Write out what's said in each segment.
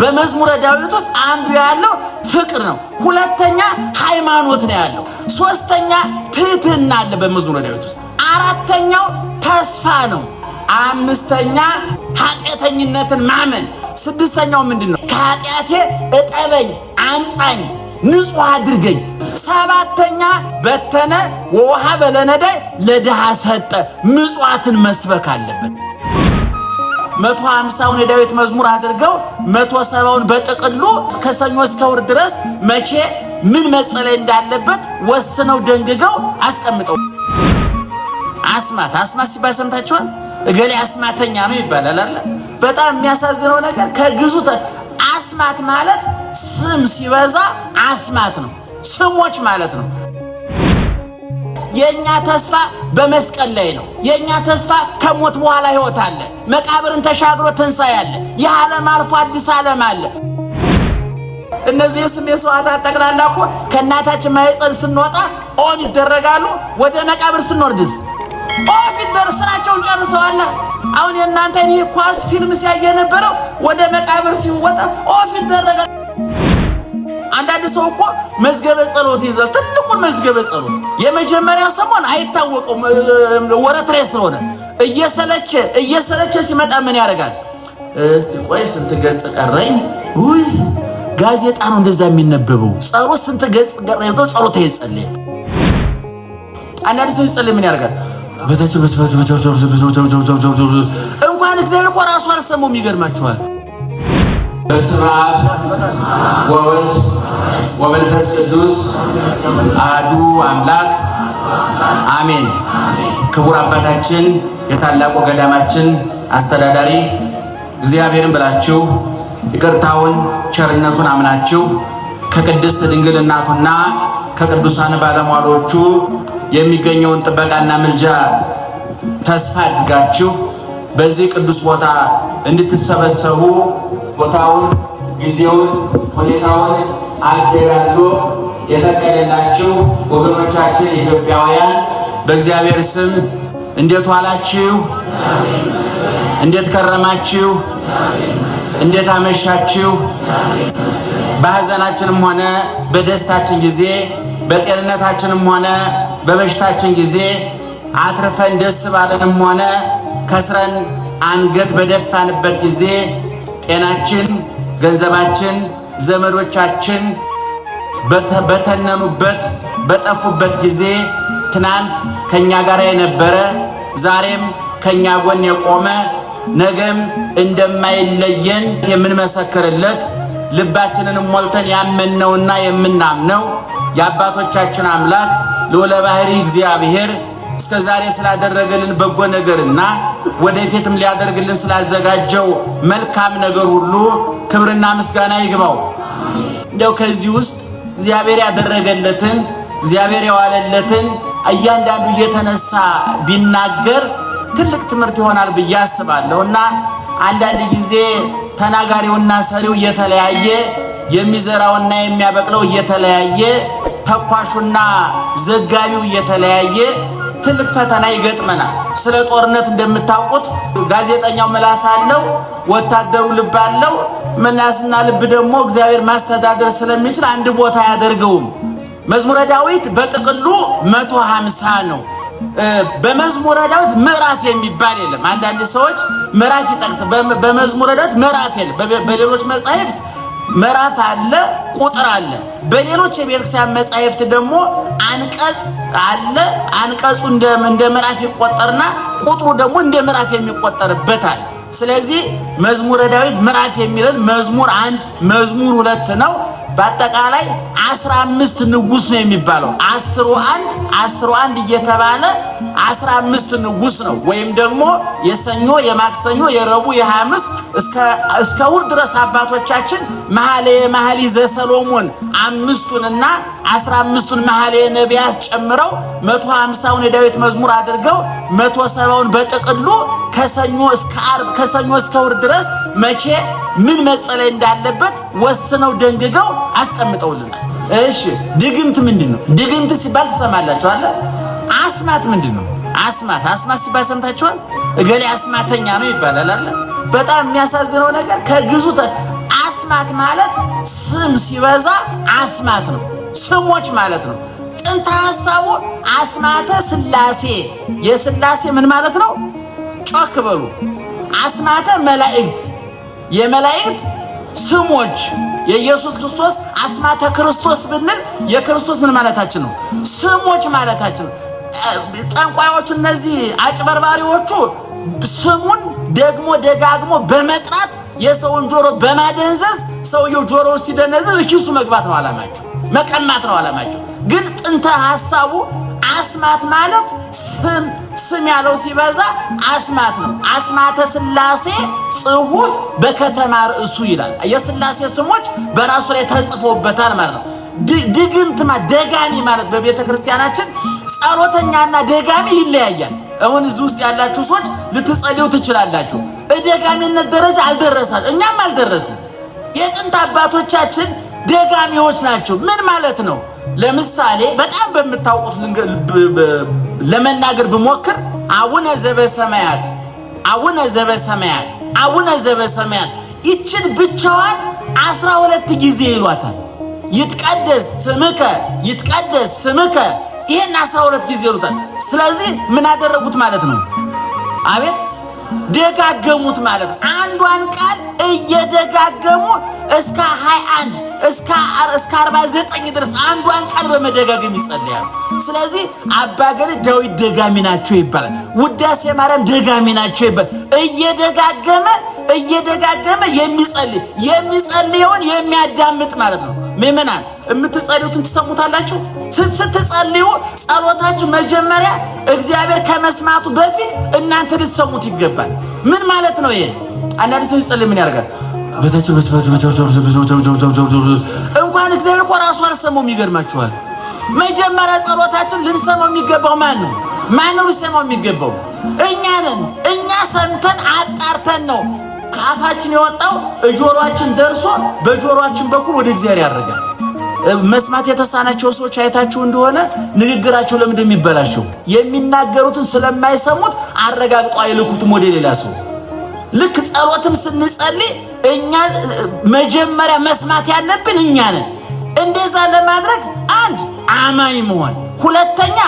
በመዝሙረ ዳዊት ውስጥ አንዱ ያለው ፍቅር ነው። ሁለተኛ ሃይማኖት ነው ያለው። ሶስተኛ ትህትና አለ በመዝሙረ ዳዊት ውስጥ። አራተኛው ተስፋ ነው። አምስተኛ ኃጢአተኝነትን ማመን። ስድስተኛው ምንድን ነው? ከኃጢአቴ እጠበኝ፣ አንጻኝ፣ ንጹህ አድርገኝ። ሰባተኛ በተነ ወውሃ በለነደ ለድሃ ሰጠ። ምጽዋትን መስበክ አለበት። መቶ ሀምሳውን የዳዊት መዝሙር አድርገው መቶ ሰባውን በጥቅሉ ከሰኞ እስከ እሑድ ድረስ መቼ ምን መጸለይ እንዳለበት ወስነው ደንግገው አስቀምጠው። አስማት አስማት ሲባል ሰምታችኋል። እገሌ አስማተኛ ነው ይባላል አለ። በጣም የሚያሳዝነው ነገር ከግዙ አስማት ማለት ስም ሲበዛ አስማት ነው፣ ስሞች ማለት ነው። የእኛ ተስፋ በመስቀል ላይ ነው። የእኛ ተስፋ ከሞት በኋላ ህይወት አለ። መቃብርን ተሻግሮ ትንሣኤ አለ። ይህ ዓለም አልፎ አዲስ ዓለም አለ። እነዚህ ስም የሰዋዕታት ጠቅላላ እኮ ከእናታችን ማኅፀን ስንወጣ ኦን ይደረጋሉ። ወደ መቃብር ስንወርድስ ኦፊት ይደር ስራቸውን ጨርሰዋል። አሁን የእናንተ ኳስ ፊልም ሲያየ የነበረው ወደ መቃብር ሲወጣ ኦፊት ደረጋ ሰው እኮ መዝገበ ጸሎት ይዛል። ትልቁን መዝገበ ጸሎት የመጀመሪያ ሰሞን አይታወቀው ወረት ላይ ስለሆነ እየሰለቸ እየሰለቸ ሲመጣ ምን ያደርጋል? እስቲ ቆይ ስንት ገጽ ቀረኝ? ውይ ጋዜጣ ነው እንደዛ የሚነበበው ጸሎት ስንት ገጽ ቀረኝ ብሎ ጸሎት አይጸልይ። አንዳንድ ሰው ይጸልይ ምን ያደርጋል? በታች እንኳን እግዚአብሔር እኮ ራሱ አልሰማውም። ይገርማቸዋል። በስመ አብ ወወልድ ወመንፈስ ቅዱስ አዱ አምላክ አሜን። ክቡር አባታችን የታላቁ ገዳማችን አስተዳዳሪ እግዚአብሔርን ብላችሁ ይቅርታውን ቸርነቱን አምናችሁ ከቅድስት ድንግል እናቱና ከቅዱሳን ባለሟሎቹ የሚገኘውን ጥበቃና ምልጃ ተስፋ አድርጋችሁ በዚህ ቅዱስ ቦታ እንድትሰበሰቡ ቦታውን፣ ጊዜውን፣ ሁኔታውን አደራድሮ የፈቀደላችሁ ወገኖቻችን ኢትዮጵያውያን በእግዚአብሔር ስም እንዴት ዋላችሁ? እንዴት ከረማችሁ? እንዴት አመሻችሁ? በሐዘናችንም ሆነ በደስታችን ጊዜ በጤንነታችንም ሆነ በበሽታችን ጊዜ አትርፈን ደስ ባለንም ሆነ ከስረን አንገት በደፋንበት ጊዜ ጤናችን፣ ገንዘባችን ዘመዶቻችን በተነኑበት በጠፉበት ጊዜ ትናንት ከኛ ጋር የነበረ ዛሬም ከኛ ጎን የቆመ ነገም እንደማይለየን የምንመሰክርለት ልባችንን ሞልተን ያመንነውና የምናምነው የአባቶቻችን አምላክ ልዑለ ባሕርይ እግዚአብሔር እስከ ዛሬ ስላደረገልን በጎ ነገርና ወደፊትም ሊያደርግልን ስላዘጋጀው መልካም ነገር ሁሉ ክብርና ምስጋና ይግባው። እንደው ከዚህ ውስጥ እግዚአብሔር ያደረገለትን እግዚአብሔር የዋለለትን እያንዳንዱ እየተነሳ ቢናገር ትልቅ ትምህርት ይሆናል ብዬ አስባለሁ እና አንዳንድ ጊዜ ተናጋሪውና ሰሪው እየተለያየ የሚዘራውና የሚያበቅለው እየተለያየ ተኳሹና ዘጋቢው እየተለያየ ትልቅ ፈተና ይገጥመናል። ስለ ጦርነት እንደምታውቁት ጋዜጠኛው ምላስ አለው፣ ወታደሩ ልብ አለው። ምላስና ልብ ደግሞ እግዚአብሔር ማስተዳደር ስለሚችል አንድ ቦታ አያደርገውም። መዝሙረ ዳዊት በጥቅሉ 150 ነው። በመዝሙረ ዳዊት ምዕራፍ የሚባል የለም። አንዳንድ ሰዎች ምዕራፍ ይጠቅስ። በመዝሙረ ዳዊት ምዕራፍ የለም። በሌሎች መጻሕፍት ምዕራፍ አለ፣ ቁጥር አለ። በሌሎች የቤተክርስቲያን መጻሕፍት ደግሞ አንቀጽ አለ። አንቀጹ እንደ ምዕራፍ ይቆጠርና ቁጥሩ ደግሞ እንደ ምዕራፍ የሚቆጠርበት አለ። ስለዚህ መዝሙረ ዳዊት ምዕራፍ የሚለን መዝሙር አንድ መዝሙር ሁለት ነው። በአጠቃላይ አስራ አምስት ንጉስ ነው የሚባለው አስሩ አንድ አስሩ አንድ እየተባለ አስራ አምስት ንጉስ ነው ወይም ደግሞ የሰኞ የማክሰኞ የረቡ የሐሙስ እስከ እስከ ድረስ አባቶቻችን መኃልየ መኃልይ ዘሰሎሞን አምስቱንና አስራ አምስቱን መኃልየ ነቢያት ጨምረው መቶ ሀምሳውን የዳዊት መዝሙር አድርገው መቶ ሰባውን በጥቅሉ ከሰኞ እስከ አርብ ከሰኞ እስከ እሑድ ድረስ መቼ ምን መጸለይ እንዳለበት ወስነው ደንግገው አስቀምጠውልናል። እሺ ድግምት ምንድን ነው? ድግምት ሲባል ትሰማላችሁ አስማት ምንድን ነው? አስማት አስማት ሲባል ሰምታችኋል? እገሌ አስማተኛ ነው ይባላል አለ። በጣም የሚያሳዝነው ነገር ከግዙ አስማት ማለት ስም ሲበዛ አስማት ነው፣ ስሞች ማለት ነው። ጥንተ ሀሳቡ አስማተ ስላሴ የስላሴ ምን ማለት ነው? ጮክ በሉ። አስማተ መላእክት የመላእክት ስሞች የኢየሱስ ክርስቶስ አስማተ ክርስቶስ ብንል የክርስቶስ ምን ማለታችን ነው? ስሞች ማለታችን ነው። ጠንቋዮቹ እነዚህ አጭበርባሪዎቹ ስሙን ደግሞ ደጋግሞ በመጥራት የሰውን ጆሮ በማደንዘዝ ሰውየው ጆሮ ሲደነዘዝ ኪሱ መግባት ነው አላማቸው፣ መቀማት ነው አላማቸው። ግን ጥንተ ሀሳቡ አስማት ማለት ስም ስም ያለው ሲበዛ አስማት ነው። አስማተ ስላሴ ጽሑፍ በከተማ ርዕሱ ይላል። የስላሴ ስሞች በራሱ ላይ ተጽፎበታል ማለት ነው። ድግምት ደጋሚ ማለት በቤተ ክርስቲያናችን ጸሎተኛና ደጋሚ ይለያያል። አሁን እዚህ ውስጥ ያላችሁ ሰዎች ልትጸልዩ ትችላላችሁ። በደጋሚነት ደረጃ አልደረሳል፣ እኛም አልደረስን። የጥንት አባቶቻችን ደጋሚዎች ናቸው። ምን ማለት ነው? ለምሳሌ በጣም በምታውቁት ለመናገር ብሞክር አቡነ ዘበሰማያት አቡነ ዘበሰማያት አቡነ ዘበሰማያት ይችን ብቻዋን አስራ ሁለት ጊዜ ይሏታል። ይትቀደስ ስምከ ይትቀደስ ስምከ ይሄን አስራ ሁለት ጊዜ ይሉታል። ስለዚህ ምን አደረጉት ማለት ነው? አቤት ደጋገሙት ማለት አንዷን ቃል እየደጋገሙ እስከ 21 እስከ እስከ 49 ድረስ አንዷን ቃል በመደጋገም ይጸልያሉ። ስለዚህ አባገሌ ዳዊት ደጋሚ ናቸው ይባላል። ውዳሴ ማርያም ደጋሚ ናቸው ይባላል። እየደጋገመ እየደጋገመ የሚጸልይ የሚጸልየውን የሚያዳምጥ ማለት ነው ምእመናን የምትጸልዩትን ትሰሙታላችሁ። ስትጸልዩ ጸሎታችሁ መጀመሪያ እግዚአብሔር ከመስማቱ በፊት እናንተ ልትሰሙት ይገባል። ምን ማለት ነው ይሄ? አንዳንድ ሰው ይጸልይ ምን ያደርጋል? በታችን እንኳን እግዚአብሔር እኮ ራሱ አልሰማውም። ይገርማችኋል። መጀመሪያ ጸሎታችን ልንሰማው የሚገባው ማን ነው? ማን ነው የሚገባው? እኛ ነን። እኛ ሰምተን አጣርተን ነው ከአፋችን የወጣው። ጆሮአችን ደርሶ በጆሮአችን በኩል ወደ እግዚአብሔር ያደርጋል። መስማት የተሳናቸው ሰዎች አይታችሁ እንደሆነ ንግግራቸው ለምንድን የሚበላቸው የሚናገሩትን ስለማይሰሙት አረጋግጦ አይልኩትም ወደ ሌላ ሰው። ልክ ጸሎትም ስንጸልይ እኛ መጀመሪያ መስማት ያለብን እኛ ነን። እንደዛ ለማድረግ አንድ አማኝ መሆን፣ ሁለተኛ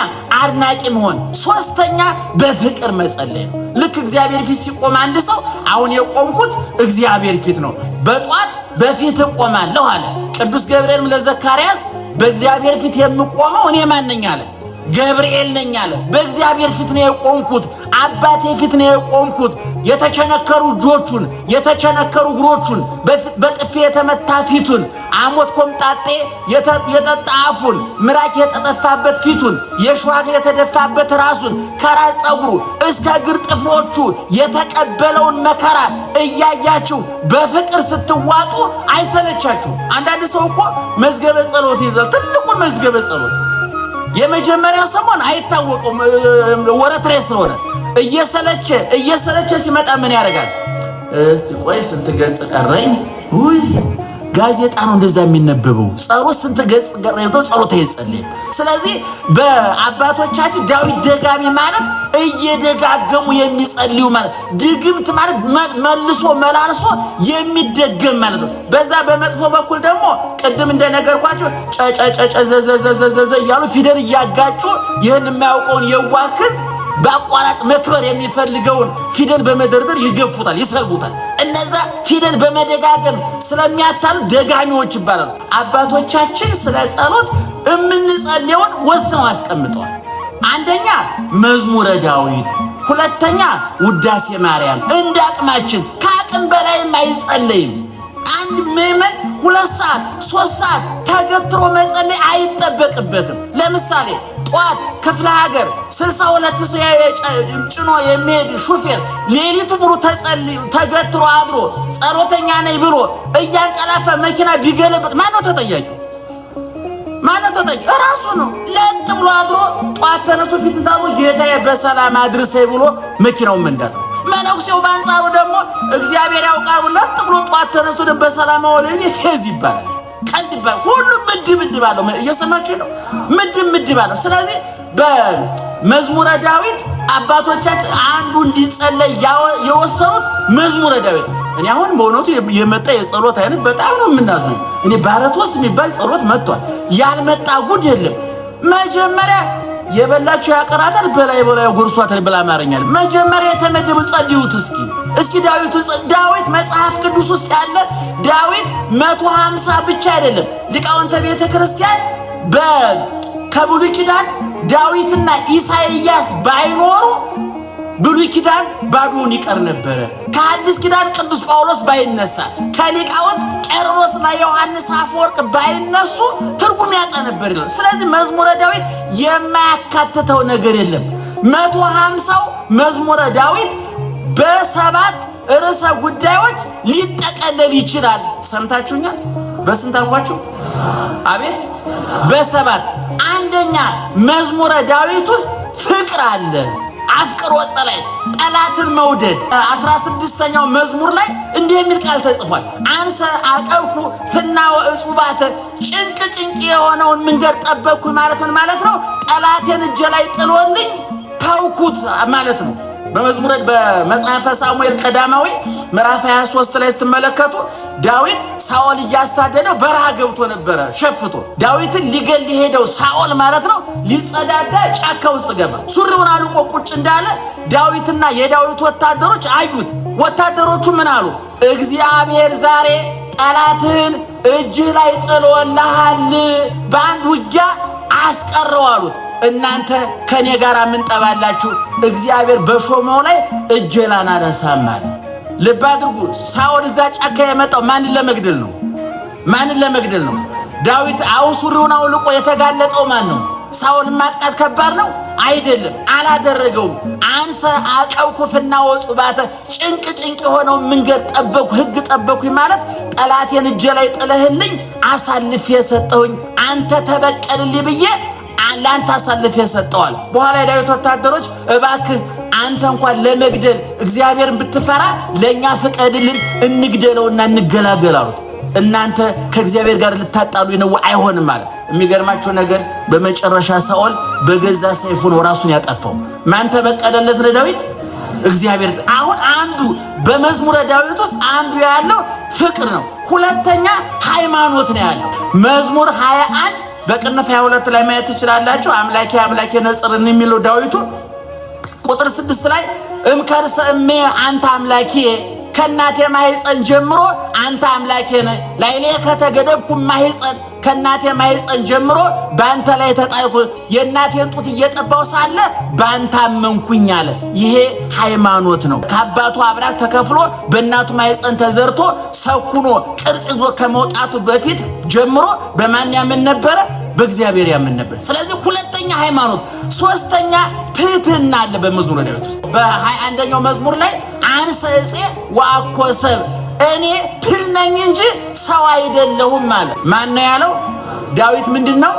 አድናቂ መሆን፣ ሶስተኛ በፍቅር መጸለይ ነው። ልክ እግዚአብሔር ፊት ሲቆም አንድ ሰው አሁን የቆምኩት እግዚአብሔር ፊት ነው፣ በጧት በፊት እቆማለሁ አለ። ቅዱስ ገብርኤልም ለዘካርያስ በእግዚአብሔር ፊት የምቆመው እኔ ማን አለ። ገብርኤል ነኝ አለ። በእግዚአብሔር ፊት ነው የቆምኩት፣ አባቴ ፊት ነው የቆምኩት። የተቸነከሩ እጆቹን፣ የተቸነከሩ እግሮቹን፣ በጥፊ የተመታ ፊቱን፣ አሞት ኮምጣጤ የጠጣ አፉን፣ ምራቅ የተጠፋበት ፊቱን፣ የሸዋክ የተደፋበት ራሱን፣ ከራስ ጸጉሩ እስከ እግር ጥፍሮቹ የተቀበለውን መከራ እያያችሁ በፍቅር ስትዋጡ አይሰለቻችሁ። አንዳንድ ሰው እኮ መዝገበ ጸሎት ይዘው ትልቁን መዝገበ ጸሎት የመጀመሪያ ሰሞን አይታወቀውም፣ ወረት ላይ ስለሆነ እየሰለቸ እየሰለቸ ሲመጣ ምን ያደርጋል? እስቲ ቆይ ስንት ገጽ ቀረኝ? ውይ ጋዜጣ ነው እንደዛ የሚነበበው። ጸሎት ስንት ገጽ ገረቶ ጸሎት አይጸልይም። ስለዚህ በአባቶቻችን ዳዊት ደጋሚ ማለት እየደጋገሙ የሚጸልዩ ማለት፣ ድግምት ማለት መልሶ መላልሶ የሚደገም ማለት ነው። በዛ በመጥፎ በኩል ደግሞ ቅድም እንደነገርኳቸው ጨጨጨጨ ዘዘዘዘዘ እያሉ ፊደል እያጋጩ ይህን የማያውቀውን የዋህ ህዝብ በአቋራጭ መክበር የሚፈልገውን ፊደል በመደርደር ይገፉታል፣ ይሰርጉታል። እነዛ ፊደል በመደጋገም ስለሚያታሉ ደጋሚዎች ይባላሉ። አባቶቻችን ስለ ጸሎት የምንጸልየውን ወስነው አስቀምጠዋል። አንደኛ መዝሙረ ዳዊት፣ ሁለተኛ ውዳሴ ማርያም። እንደ አቅማችን ከአቅም በላይም አይጸለይም። አንድ ምዕመን ሁለት ሰዓት ሶስት ሰዓት ተገትሮ መጸለይ አይጠበቅበትም። ለምሳሌ ጠዋት ክፍለ ሀገር ስልሳ ሁለት ሰው ጭኖ የሚሄድ ሹፌር ሌሊቱ ብሎ ተገትሮ አድሮ ጸሎተኛ ነኝ ብሎ እያንቀላፈ መኪና ቢገለበጥ ማነው ተጠያቂው? ማነው ተጠያቂ? እራሱ ነው። ለጥ ብሎ አድሮ ጧት ተነሱ ፊት እንዳሉ ጌታዬ በሰላም አድርሰኝ ብሎ መኪናውን መንዳት ነው። መነኩሴው በአንጻሩ ደግሞ እግዚአብሔር ያውቃል ለጥ ብሎ ጧት ተነስቶ በሰላም አወለኝ ፌዝ ይባላል፣ ቀልድ ይባላል። ሁሉም ምድብ ምድብ አለው። እየሰማችሁ ነው። ምድብ ምድብ አለው። ስለዚህ በመዝሙረ ዳዊት አባቶቻችን አንዱ እንዲጸለይ የወሰኑት መዝሙረ ዳዊት። እኔ አሁን በእውነቱ የመጣ የጸሎት አይነት በጣም ነው የምናዝነው። እኔ ባረቶስ የሚባል ጸሎት መጥቷል። ያልመጣ ጉድ የለም። መጀመሪያ የበላቸው ያቀራታል በላይ በላይ ጎርሷታል ብላ አማርኛል። መጀመሪያ የተመደበ ጸልዩት እስኪ እስኪ ዳዊቱ ዳዊት መጽሐፍ ቅዱስ ውስጥ ያለ ዳዊት መቶ ሃምሳ ብቻ አይደለም ሊቃውንተ ቤተ ክርስቲያን ከብሉይ ኪዳን ዳዊትና ኢሳይያስ ባይኖሩ ብሉይ ኪዳን ባዶውን ይቀር ነበረ። ከአዲስ ኪዳን ቅዱስ ጳውሎስ ባይነሳ፣ ከሊቃውንት ቄርሎስና ዮሐንስ አፈወርቅ ባይነሱ ትርጉም ያጣ ነበር ይላል። ስለዚህ መዝሙረ ዳዊት የማያካትተው ነገር የለም። መቶ ሀምሳው መዝሙረ ዳዊት በሰባት ርዕሰ ጉዳዮች ሊጠቀለል ይችላል። ሰምታችሁኛል? በስንት አልኳችሁ? አቤት በሰባት አንደኛ መዝሙረ ዳዊት ውስጥ ፍቅር አለ። አፍቅሮ ጸላይ ጠላትን መውደድ። አስራ ስድስተኛው መዝሙር ላይ እንዲህ የሚል ቃል ተጽፏል። አንሰ አቀብኩ ፍናወ እጹባተ ጭንቅ ጭንቅ የሆነውን መንገድ ጠበቅኩ ማለት ምን ማለት ነው? ጠላቴን እጄ ላይ ጥሎልኝ ታውኩት ማለት ነው። በመዝሙረ በመጽሐፈ ሳሙኤል ቀዳማዊ ምዕራፍ 23 ላይ ስትመለከቱ ዳዊት ሳኦል እያሳደደው በረሃ ገብቶ ነበረ ሸፍቶ ዳዊትን ሊገል ሄደው ሳኦል ማለት ነው ሊጸዳዳ ጫካ ውስጥ ገባ። ሱሪውን አልቆ ቁጭ እንዳለ ዳዊትና የዳዊት ወታደሮች አዩት። ወታደሮቹ ምን አሉ? እግዚአብሔር ዛሬ ጠላትህን እጅ ላይ ጥሎልሃል፣ በአንድ ውጊያ አስቀረው አሉት። እናንተ ከእኔ ጋር ምን ጠባላችሁ? እግዚአብሔር በሾመው ላይ እጄ ላን አነሳማል ልብ አድርጉ። ሳኦል እዛ ጫካ የመጣው ማንን ለመግደል ነው? ማንን ለመግደል ነው? ዳዊት አውሱሪውን አውልቆ የተጋለጠው ማን ነው? ሳኦልን ማጥቃት ከባድ ነው አይደለም። አላደረገውም። አንሰ ኩፍና ወጹ ባተ ጭንቅ ጭንቅ የሆነው መንገድ ጠበኩ፣ ህግ ጠበኩኝ ማለት ጠላቴን እጄ ላይ ጥለህልኝ አሳልፌ የሰጠውኝ አንተ ተበቀልልኝ ብዬ ለአንተ አሳልፌ የሰጠዋል። በኋላ የዳዊት ወታደሮች እባክህ አንተ እንኳን ለመግደል እግዚአብሔርን ብትፈራ ለእኛ ፍቀድልን እንግደለውና እንገላገል አሉት። እናንተ ከእግዚአብሔር ጋር ልታጣሉ ነው አይሆንም አለ። የሚገርማቸው ነገር በመጨረሻ ሳኦል በገዛ ሰይፉ ነው ራሱን ያጠፋው። ማን ተበቀለለት ለዳዊት? እግዚአብሔር። አሁን አንዱ በመዝሙረ ዳዊት ውስጥ አንዱ ያለው ፍቅር ነው። ሁለተኛ ሃይማኖት ነው ያለው። መዝሙር 21 በቅንፍ 22 ላይ ማየት ትችላላችሁ። አምላኬ አምላኬ ነጽርን የሚለው ዳዊቱ ቁጥር ስድስት ላይ እምከርሰ እሜ አንተ አምላኬ ከእናቴ ማህፀን ጀምሮ አንተ አምላኬ ነ ላይሌ ከተገደብኩ ማሕፀን ከእናቴ ማሕፀን ጀምሮ በአንተ ላይ ተጣይኩ። የእናቴን ጡት እየጠባው ሳለ በአንተ አመንኩኝ አለ። ይሄ ሃይማኖት ነው። ከአባቱ አብራክ ተከፍሎ በእናቱ ማሕፀን ተዘርቶ ሰኩኖ ቅርጽ ይዞ ከመውጣቱ በፊት ጀምሮ በማን ያምን ነበረ? በእግዚአብሔር ያምን ነበር። ስለዚህ ሁለተኛ ሃይማኖት፣ ሶስተኛ ትህትና አለ በመዝሙረ ዳዊት ውስጥ በሃያ አንደኛው መዝሙር ላይ አንሰ እፄ ወአኮ ሰብእ እኔ ትል ነኝ እንጂ ሰው አይደለሁም አለ። ማን ነው ያለው? ዳዊት ምንድን ነው?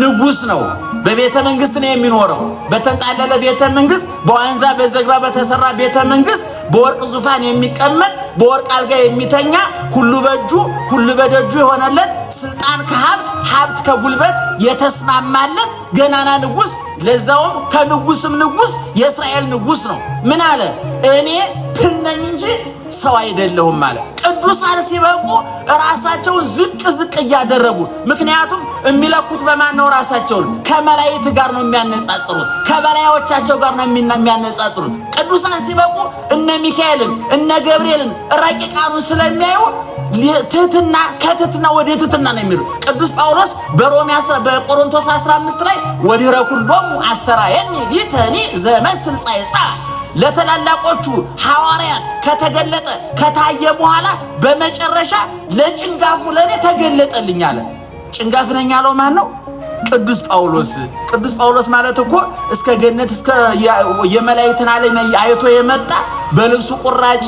ንጉሥ ነው። በቤተ መንግስት ነው የሚኖረው። በተንጣለለ ቤተ መንግስት፣ በዋንዛ በዘግባ በተሰራ ቤተ መንግስት በወርቅ ዙፋን የሚቀመጥ በወርቅ አልጋ የሚተኛ ሁሉ በእጁ ሁሉ በደጁ የሆነለት ስልጣን ከሀብት ሀብት ከጉልበት የተስማማለት ገናና ንጉስ፣ ለዛውም ከንጉስም ንጉስ የእስራኤል ንጉስ ነው። ምን አለ? እኔ ትል ነኝ እንጂ ሰው አይደለሁም አለ። ቅዱሳን ሲበቁ ራሳቸውን ዝቅ ዝቅ እያደረጉ ምክንያቱም የሚለኩት በማን ነው? ራሳቸውን ከመላእክት ጋር ነው የሚያነጻጽሩት። ከበላዮቻቸው ጋር ነው የሚያነጻጽሩት። ቅዱሳን ሲበቁ እነ ሚካኤልን እነ ገብርኤልን ረቂቃኑን ስለሚያዩ ትህትና ከትህትና ወደ ትህትና ነው የሚሉ ቅዱስ ጳውሎስ በሮሜ በቆሮንቶስ 15 ላይ ወዲረ ኩሎሙ አስተራየኒ ሊተኒ ዘመስል ጻይጻ ለተላላቆቹ ሐዋርያት ከተገለጠ ከታየ በኋላ በመጨረሻ ለጭንጋፉ ለእኔ ተገለጠልኝ አለ። ጭንጋፍ ነኝ ያለው ማን ነው? ቅዱስ ጳውሎስ። ቅዱስ ጳውሎስ ማለት እኮ እስከ ገነት እስከ የመላእክትን ዓለም አይቶ የመጣ በልብሱ ቁራጭ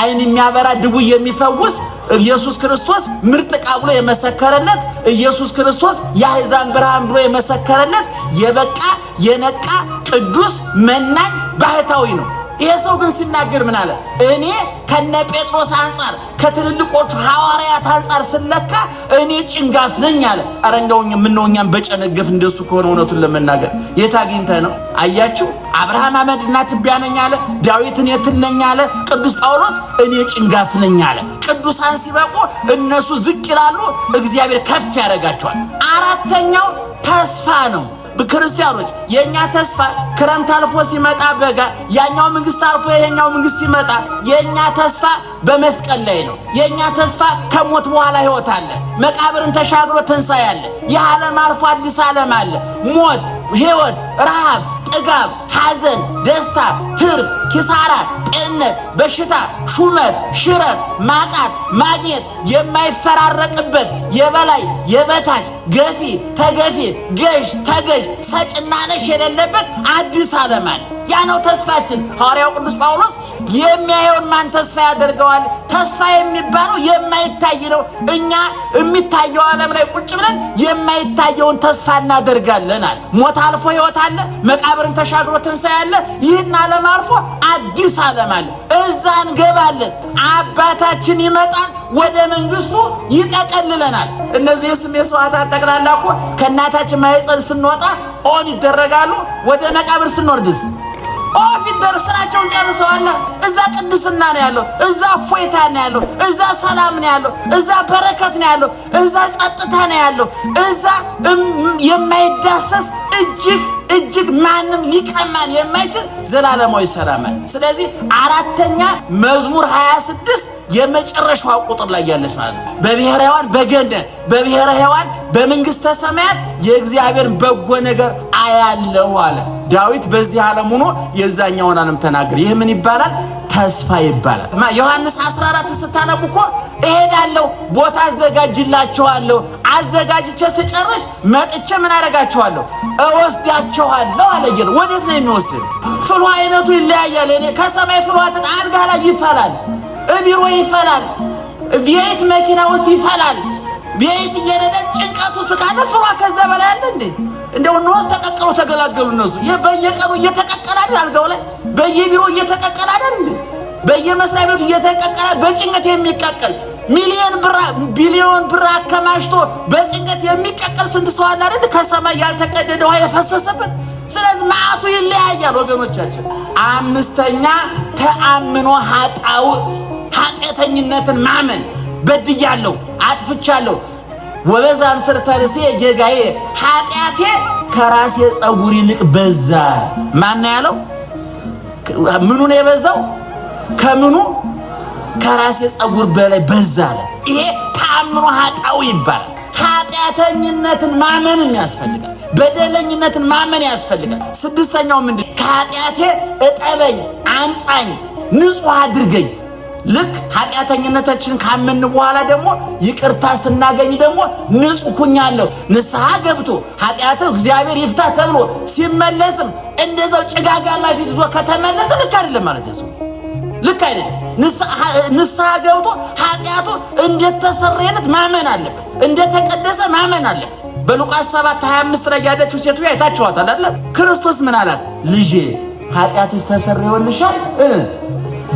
ዓይን የሚያበራ ድቡ የሚፈውስ ኢየሱስ ክርስቶስ ምርጥ ዕቃ ብሎ የመሰከረለት ኢየሱስ ክርስቶስ የአሕዛብ ብርሃን ብሎ የመሰከረለት የበቃ የነቃ ቅዱስ መናኝ ባህታዊ ነው። ይሄ ሰው ግን ሲናገር ምን አለ? እኔ ከነ ጴጥሮስ አንጻር ከትልልቆቹ ሐዋርያት አንጻር ስለካ እኔ ጭንጋፍ ነኝ አለ። ኧረ እንደው ምነው በጨነገፍ እንደሱ ከሆነ እውነቱን ለመናገር የት አግኝተ ነው? አያችሁ አብርሃም አመድና ትቢያ ነኝ አለ። ዳዊትን የትል ነኝ አለ። ቅዱስ ጳውሎስ እኔ ጭንጋፍ ነኝ አለ። ቅዱሳን ሲበቁ እነሱ ዝቅ ይላሉ፣ እግዚአብሔር ከፍ ያደርጋቸዋል። አራተኛው ተስፋ ነው። ክርስቲያኖች የእኛ ተስፋ ክረምት አልፎ ሲመጣ በጋ፣ ያኛው መንግስት አልፎ የኛው መንግስት ሲመጣ የእኛ ተስፋ በመስቀል ላይ ነው። የእኛ ተስፋ ከሞት በኋላ ህይወት አለ። መቃብርን ተሻግሮ ትንሣኤ አለ። የዓለም አልፎ አዲስ ዓለም አለ። ሞት፣ ህይወት፣ ረሃብ፣ ጥጋብ ሐዘን፣ ደስታ፣ ትርፍ፣ ኪሳራ፣ ጤንነት፣ በሽታ፣ ሹመት፣ ሽረት፣ ማጣት፣ ማግኘት የማይፈራረቅበት የበላይ የበታች ገፊ ተገፊ ገዥ ተገዥ ሰጭና ነሽ የሌለበት አዲስ ዓለም አለ። ያ ነው ተስፋችን። ሐዋርያው ቅዱስ ጳውሎስ የሚያየውን ማን ተስፋ ያደርገዋል? ተስፋ የሚባለው የማይታይ ነው። እኛ የሚታየው ዓለም ላይ ቁጭ ብለን የማይታየውን ተስፋ እናደርጋለን አለ። ሞት አልፎ ሕይወት አለ። መቃብርን ተሻግሮ ትንሣኤ አለ። ይህን ዓለም አልፎ አዲስ ዓለም አለ። እዛ እንገባለን። አባታችን ይመጣል፣ ወደ መንግስቱ ይጠቀልለናል። እነዚህ የስሜ ስዋዕታት ጠቅላላ እኮ ከእናታችን ማኅፀን ስንወጣ ኦን ይደረጋሉ። ወደ መቃብር ስንወርድስ ኦፊት ይደረስ። ስራቸውን ጨርሰዋል። እዛ ቅድስና ነው ያለው፣ እዛ ፎይታ ነው ያለው፣ እዛ ሰላም ነው ያለው፣ እዛ በረከት ነው ያለው፣ እዛ ጸጥታ ነው ያለው፣ እዛ የማይዳሰስ እጅግ እጅግ ማንም ሊቀመን የማይችል ዘላለማዊ ሰላም። ስለዚህ አራተኛ መዝሙር 26 የመጨረሻዋ ቁጥር ላይ ያለች ማለት ነው። በብሔረ ሕያዋን በገነት በብሔረ ሕያዋን በመንግሥተ ሰማያት የእግዚአብሔርን በጎ ነገር አያለው አለ ዳዊት። በዚህ ዓለም ሆኖ የዛኛውን ዓለም ተናገር። ይህ ምን ይባላል? ተስፋ ይባላል። ዮሐንስ 14 ስታነቡ እኮ እሄዳለሁ፣ ቦታ አዘጋጅላችኋለሁ፣ አዘጋጅቼ ስጨርስ መጥቼ ምን አደርጋችኋለሁ? እወስዳችኋለሁ አለ ጌታ። ወዴት ነው የሚወስድን? ፍልዋ አይነቱ ይለያያል። እኔ ከሰማይ ፍልዋ አልጋ ላይ ይፈላል፣ እቢሮ ይፈላል፣ ቤት መኪና ውስጥ ይፈላል። ቤት እየነደ ጭንቀቱ ስቃለ ፍሏ ከዛ በላይ አለ እንዴ? እንደው ኖስ ተቀቀሉ ተገላገሉ። እነሱ በየቀኑ አይደል አልጋው ላይ በየቢሮ እየተቀቀለ አይደል በየመስሪያ ቤቱ እየተቀቀለ በጭንቀት የሚቀቀል ሚሊዮን ብር ቢሊዮን ብር አከማሽቶ በጭንቀት የሚቀቀል ስንት ሰው አለ አይደል? ከሰማይ ያልተቀደደ ውሃ የፈሰሰበት። ስለዚህ መዓቱ ይለያያል ወገኖቻችን። አምስተኛ ተአምኖ ኃጣው ኃጢአተኝነትን ማመን በድያለሁ፣ አጥፍቻለሁ ወበዛም ምስርተ ርእስየ ጌጋዬ ኃጢአቴ ከራሴ ፀጉር ይልቅ በዛ። ማን ያለው? ምኑ ነው የበዛው? ከምኑ ከራሴ ፀጉር በላይ በዛ አለ። ይሄ ታምኖ ኃጣው ይባላል። ኃጢአተኝነትን ማመንም ያስፈልጋል። በደለኝነትን ማመን ያስፈልጋል። ስድስተኛው ምንድን ከኃጢአቴ እጠበኝ፣ አንጻኝ፣ ንጹህ አድርገኝ ልክ ኃጢአተኝነታችን ካመን በኋላ ደግሞ ይቅርታ ስናገኝ ደግሞ ንጹሕ ሁኛለሁ ንስሐ ገብቶ ኃጢአትን እግዚአብሔር ይፍታ ተብሎ ሲመለስም እንደዛው ጭጋጋማ ፊት ይዞ ከተመለሰ ልክ አይደለም ማለት ነው። ልክ አይደለም። ንስሐ ገብቶ ኃጢአቱ እንደተሰረየለት ማመን አለበት፣ እንደተቀደሰ ማመን አለበት። በሉቃስ 7 25 ላይ ያለችው ሴቱ አይታችኋታል አይደል? ክርስቶስ ምን አላት? ልጄ ኃጢአትሽ ተሰረየልሻል፣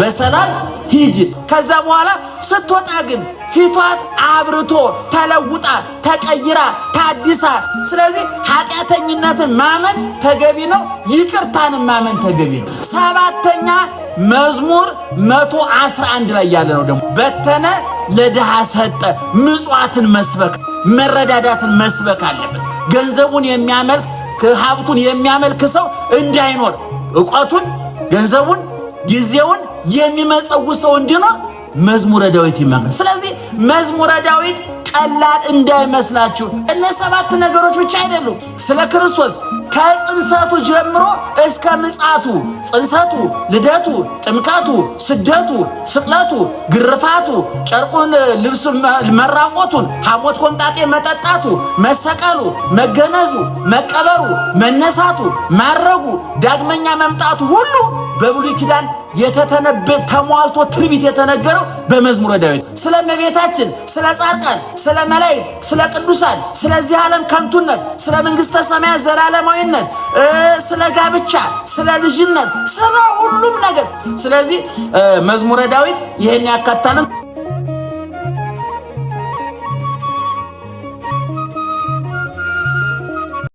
በሰላም ሂጂ። ከዛ በኋላ ስትወጣ ግን ፊቷን አብርቶ ተለውጣ ተቀይራ ታዲሳ። ስለዚህ ኃጢአተኝነትን ማመን ተገቢ ነው፣ ይቅርታንን ማመን ተገቢ ነው። ሰባተኛ መዝሙር መቶ አስራ አንድ ላይ ያለ ነው ደግሞ በተነ ለድሃ ሰጠ። ምጽዋትን መስበክ መረዳዳትን መስበክ አለበት። ገንዘቡን የሚያመልክ ሀብቱን የሚያመልክ ሰው እንዳይኖር እውቀቱን፣ ገንዘቡን፣ ጊዜውን የሚመጸው ሰው እንዲኖር መዝሙረ ዳዊት ይመክራል። ስለዚህ መዝሙረ ዳዊት ቀላል እንዳይመስላችሁ። እነ ሰባት ነገሮች ብቻ አይደሉም። ስለ ክርስቶስ ከጽንሰቱ ጀምሮ እስከ ምጻቱ፣ ጽንሰቱ፣ ልደቱ፣ ጥምቀቱ፣ ስደቱ፣ ስቅለቱ፣ ግርፋቱ፣ ጨርቁን ልብሱ መራቆቱን፣ ሐሞት ቆምጣጤ መጠጣቱ፣ መሰቀሉ፣ መገነዙ፣ መቀበሩ፣ መነሳቱ፣ ማረጉ፣ ዳግመኛ መምጣቱ ሁሉ በብሉይ ኪዳን የተተነበ ተሟልቶ ትርቢት የተነገረው በመዝሙረ ዳዊት ስለ እመቤታችን፣ ስለ ጻድቃን፣ ስለ መላእክት፣ ስለ ቅዱሳን፣ ስለዚህ ዓለም ከንቱነት፣ ስለ መንግስተ ሰማያት ዘላለማዊነት፣ ስለ ጋብቻ፣ ስለ ልጅነት፣ ስለ ሁሉም ነገር። ስለዚህ መዝሙረ ዳዊት ይህን ያካታልን።